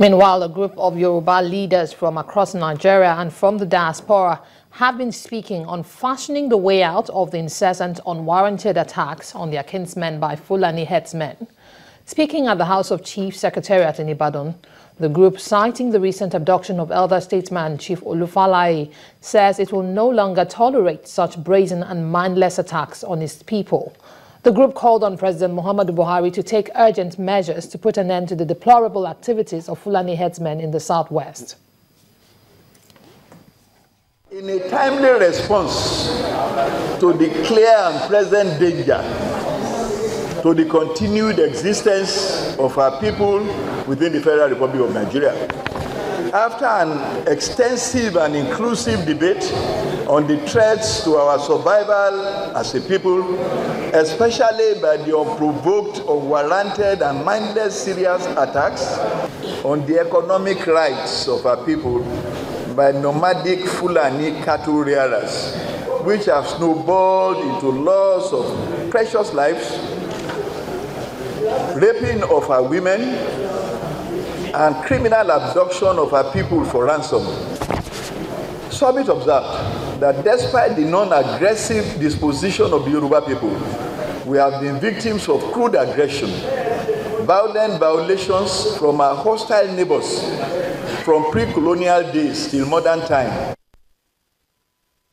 Meanwhile, a group of Yoruba leaders from across Nigeria and from the diaspora have been speaking on fashioning the way out of the incessant unwarranted attacks on their kinsmen by Fulani headsmen. Speaking at the House of Chief Secretariat in Ibadan, the group, citing the recent abduction of elder statesman Chief Olufalai, says it will no longer tolerate such brazen and mindless attacks on its people. The group called on President Muhammadu Buhari to take urgent measures to put an end to the deplorable activities of Fulani headsmen in the southwest. In a timely response to the clear and present danger to the continued existence of our people within the Federal Republic of Nigeria, after an extensive and inclusive debate on the threats to our survival as a people, especially by the unprovoked, unwarranted, and mindless serious attacks on the economic rights of our people by nomadic Fulani cattle rearers, which have snowballed into loss of precious lives, raping of our women, and criminal abduction of her people for ransom. Summit observed that despite the non aggressive disposition of the Yoruba people, we have been victims of crude aggression, violent violations from our hostile neighbors from pre colonial days till modern time.